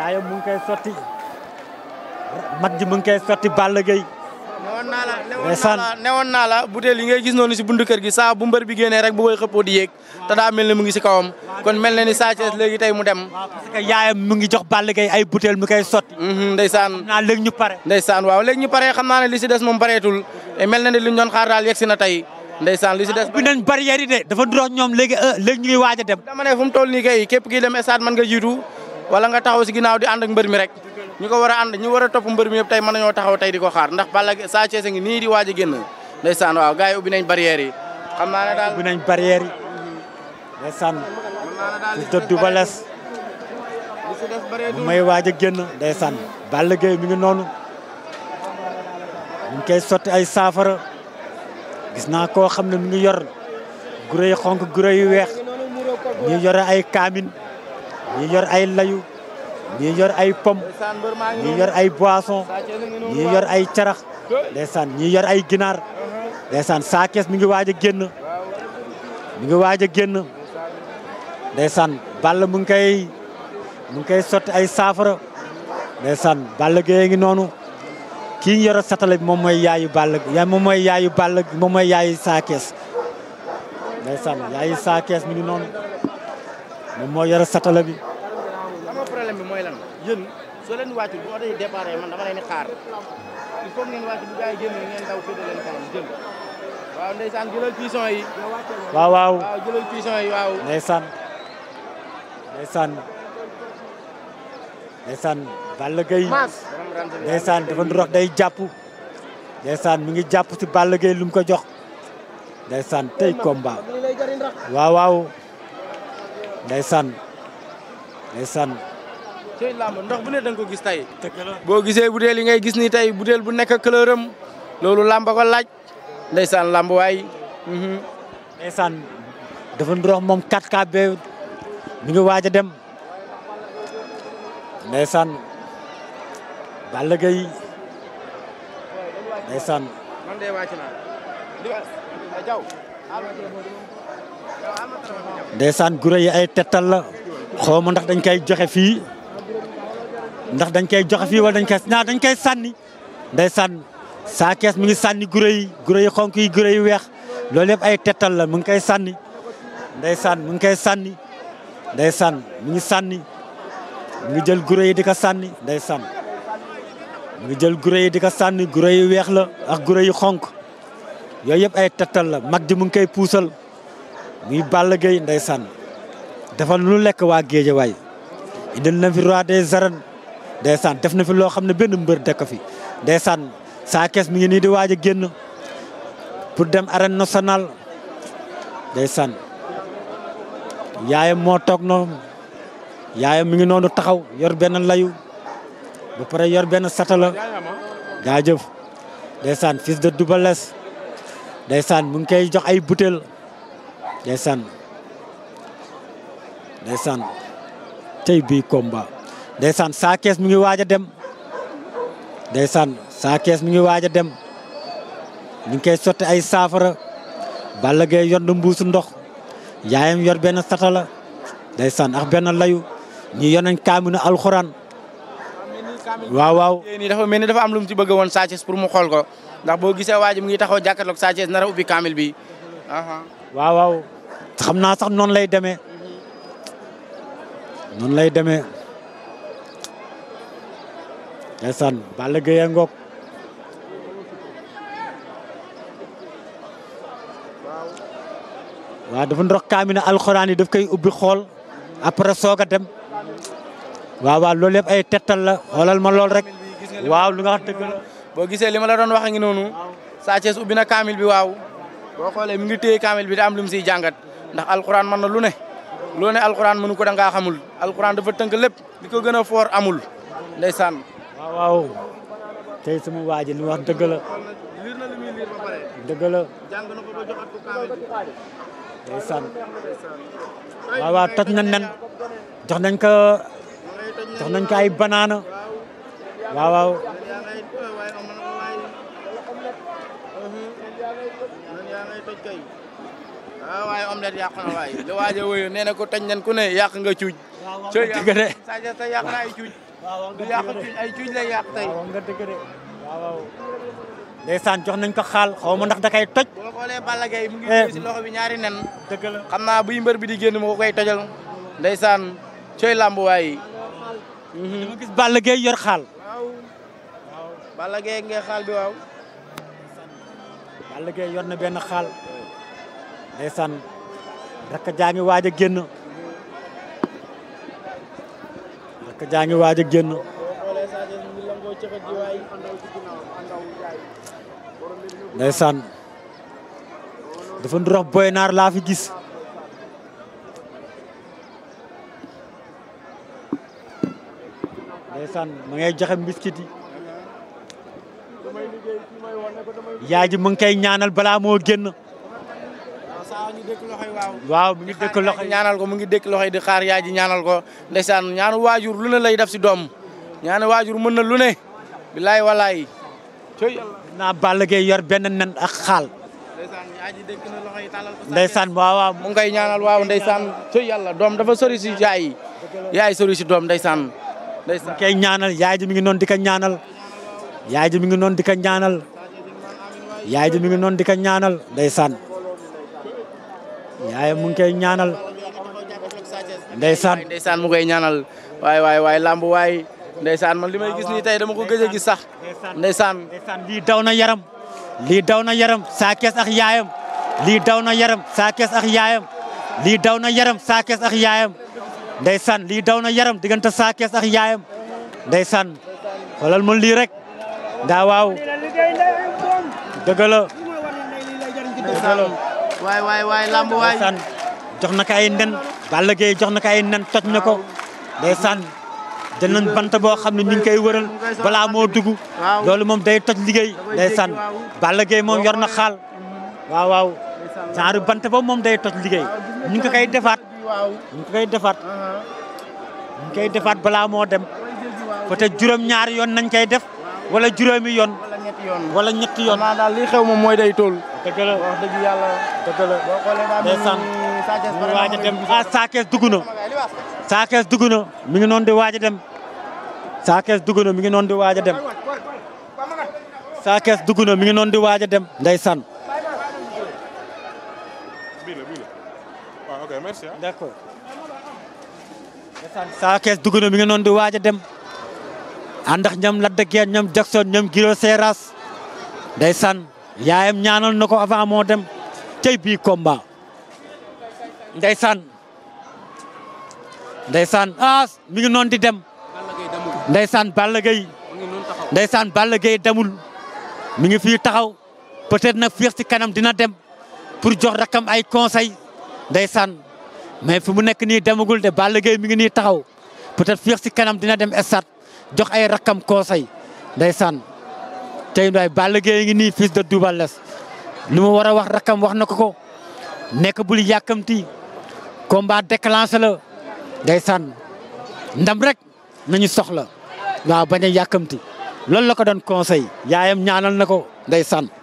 yaayam mu ngi koy sotti mat ji mu ngi koy sotti Balla Gaye newoon naa la newoon yi ngay gis noonu si buntu kër gi saa bu mbër bi génnee rek bu koy xëppoo yéeg te daa mel ne mu ngi si kawam kon mel na ni Sa Thiès léegi tey mu dem. yaayam mu ngi jox Balla Gaye ay butéel mu koy sotti. Mhm, ndeysaan xam naa léegi ñu pare. ndeysaan waaw léegi ñu pare xam naa ne li si des moom pareetul eh, mel na ni li ñu doon xaar daal yegg si na tey. ndeysaan li si des ah, bi nañ euh, a ne fu mu toll wala nga taxaw si ginaaw di ànd ak mbër mi rek ñu ko war a ànd ñu war a topp mbër mi yëpp tey mën nañoo taxaw tey di ko xaar ndax Balla saa Thiès ngi nii di waaj a génn ndeysaan waaw gars yi ubbi nañ barrières yi xam naa ne daal ubbi nañ barrières yi ndeysaan su dëddu ba les bu may waaj a génn ndeysaan Balla Gaye mi ngi noonu ñu ngi koy ay saafara gis naa ko xam ne mi ngi yor guré yu xonk guré yu weex ñu yore ay kaamin ñi yor ay layu ñi yor ay pomme ñi yor ay boison ñi yor ay carax ndeysaan ñi yor ay ginaar ndeysaan saa kees mi ngi waaj a génn mi ngi waaj a génn ndeysaan ball mu ngi koy mu koy sotti ay saafara ndeysaan ball gee ngi noonu kii yor yoro satala bi moom mooy yaayu ball ya moom mooy yaayu ball moom mooy yaayu saa kees ndeysaan yaayu mi ngi noonu moom mooy yoro satala bi problème bi mooy lan yéen soo leen wàccu oto yi départ man dama leen di xaar il faut ngeen wàcc bu gars yi génn ngeen daw féete leen kanam jël waaw ndeysaan jëlal cuisson yi waaw waaw waaw jëlal jàpp ndeysaan mi ngi jàpp ci Balla Gaye ko jox ndeysaan tey combat waaw waaw ndeysaan ndeysaan làmb ndox bu ne da ko gis tey. boo gisee butéel yi ngay gis ni tey butéel bu nekk couleur am loolu làmb ko laaj ndeysaan làmb waay. Mhm. ndeysaan dafa ndox moom 4K bee mi ngi waaj a dem ndeysaan Balla Gaye ndeysaan. man de wàcc naa gure yi ay tettal la ndax dañ koy joxe fii. ndax dañ koy joxe fii wala dañ koy naa dañ koy sànni day sànn saa kees mu ngi sànni guré yi guré xonk yi guré yi weex loolu yëpp ay tetal la mu ngi koy sànni day sànn mu ngi koy sànni day sànn mu ngi sànni mu jël guré yi di ko sànni day sànn mu ngi jël guré yi di ko sànni guré yu weex la ak guré yu xonk yooyu yëpp ay tetal la mag ji mu ngi koy puusal muy Balla Gaye sànn dafa lu lekk waa Géejawaay indil na fi roi des arènes ndeysaan def na fi loo xam ne benn mbër dekk fi ndeysaan saa kees mi ngi nii di waaj a génn pour dem arène nationale ndeysaan yaayam moo toog noonu yaayam mi ngi noonu taxaw yor benn layu ba pare yor benn satala jaajëf ndeysaan fils de Double Less ndeysaan mu ngi koy jox ay butéel ndeysaan ndeysaan tey bii komba ndeysaan saa kees mu ngi waaj a dem ndeysaan saa kees mi ngi waaj a dem ñu ngi koy sotti ay saafara Balla Gaye yor mbuusu ndox yaayam yor benn satala ndeysaan ak benn layu ñi yor nañ kaaminu alxuraan waaw waaw dafa mel ni dafa am lu mu ci bëgg woon Sa pour mu xool ko ndax boo gisee waa ji mu ngi taxaw jàkkaarloog Sa Thiès nar a ubbi kaamil bi waaw waaw xam naa sax noon lay demee noonu lay deme ndeysaan Balla Gaye ngoog waaw dafa ndox kaamina alxuraan yi daf koy ubbi xool après soog a dem waaw waaw loolu yëpp ay tettal la xoolal ma lool rek waaw lu nga wax dëgg boo gisee li ma la doon wax ngi noonu Sa Thiès ubbi na kaamil bi waaw boo xoolee mi ngi téye kaamil bi da am lu siy jàngat ndax alxuraan mën na lu ne loo ne alxuraan mënu ko da xamul alxuraan dafa tënk lépp li ko gën a foor amul ndeysaan waaw waaw tey sama waa ji li wax dëgg la. liir na li ba pare. dëgg la. jàng na ko ba joxat ko kaamil. ndeysaan. waaw waaw toj nañ nen jox nañ ko jox nañ ko ay banaana. waaw waaw. waaw ah, waaye omelette yàq waaj a wëyoo nee na ko toj nañ ku ne yàq nga cuuj. de. Sadio du yàqu cuñ ay cuñ lay yàq tey waaw nga dëgg jox nañ ko xaal xaw ndax da kay toj boo xoolee mu ngi eh. ci loxo bi ñaari nen dëgg la xam naa buy mbër bi di génn moo koy tojal ndeysaan cooy làmb waay mhm. dama gis Balla Gaye yor xaal waaw Balla Gaye na benn xaal ndeysaan rakk jaa ngi waaj a jàkk jaa ngi waaj a génn dafa ndurax boy naar laa fi gis ndeysaan ma ngay jaxe mbiskit yi yaay ji mu ngi koy ñaanal balaa moo génn waaw mu ngi dëkk loxo ñaanal ko mu ngi dëkk loxo di xaar yaay ji ñaanal ko ndeysaan ñaanu waajur lu ne lay def si doom ñaanu waajur mën na lu ne bilaay walaay naa Balla yor benn nen ak xaal ndeysaan waaw waaw mu ngi koy ñaanal waaw ndeysaan cëy yàlla doom dafa sori si yaay yaay sori si doom ndeysaan ndeysaan kay ñaanal yaay ji mi ngi noon di ko ñaanal yaay ji mi ngi noon di ko ñaanal yaay ji mi ngi noonu di ko ñaanal ndeysaan waaye mu ngi koy ñaanal ndeysaan ndeysaan mu koy ñaanal waay waay waay lamb waay ndeysaan man li may gis nii tey dama ko gëj a gis sax ndeysaan lii daw na yaram lii daw na yaram saa kees ak yaayam lii daw na yaram saa kees ak yaayam lii daw na yaram saa kees ak lii daw na yaram diganta saa kees ak yaayam ndeysaan xoolal ma lii rek ndaa waaw dëgg waay waay waay lamb waay ndeysaan jox na ay nen Balla Gaye jox na ko ay nen toj na ko ndeysaan jël nañ bant boo xam ne ñu ngi koy wëral balaa moo dugg loolu moom day toj liggéey ndeysaan Balla Gaye moom yor na xaal waaw waaw genre bant boobu moom day toj liggéey ñu ngi ko koy defaat uh-huh. ñu ngi defaat ñu defaat balaa moo dem peut-être juróom-ñaari yoon nañ koy def wala juróomi yoon wala ñetti yoon maanaam daal li xew moom mooy day toll dëgg la wax dëgg yàlla. dëgg la boo xoolee mi ngi noonu di waaj a dem. Ah, Sa Thiès dugg mi ngi noonu di waaj a dem. Sa Thiès dugg na mi ngi noonu di waaj a dem. day ok merci d' accord. mi ngi noonu di waaj a dem. àndax ñoom Lac de Guiers ñoom Jackson ñoom Guiro Seras ndeysaan. yaayam ñaanal na ko avant moo dem tey bii combat ndeysaan ndeysaan ah mi ngi noonu di dem ndeysaan Balla Gaye ndeysaan Balla Gaye demul mu ngi fii taxaw peut-être nag fii ci kanam dina dem pour jox rakam ay conseil ndeysaan mais fu mu nekk nii demagul de Balla Gaye mi ngi nii taxaw peut-être fii ci kanam dina dem estat jox ay rakam conseil ndeysaan tey daay Balla Gaye ngi nii fils de Double Less lu mu war a wax rakam wax na ko ko nekk bul yàkkamti combat déclenché la day sànn ndam rek nañu soxla waaw bañ a yàkkamti loolu la ko doon conseil yaayam ñaanal na ko day sànn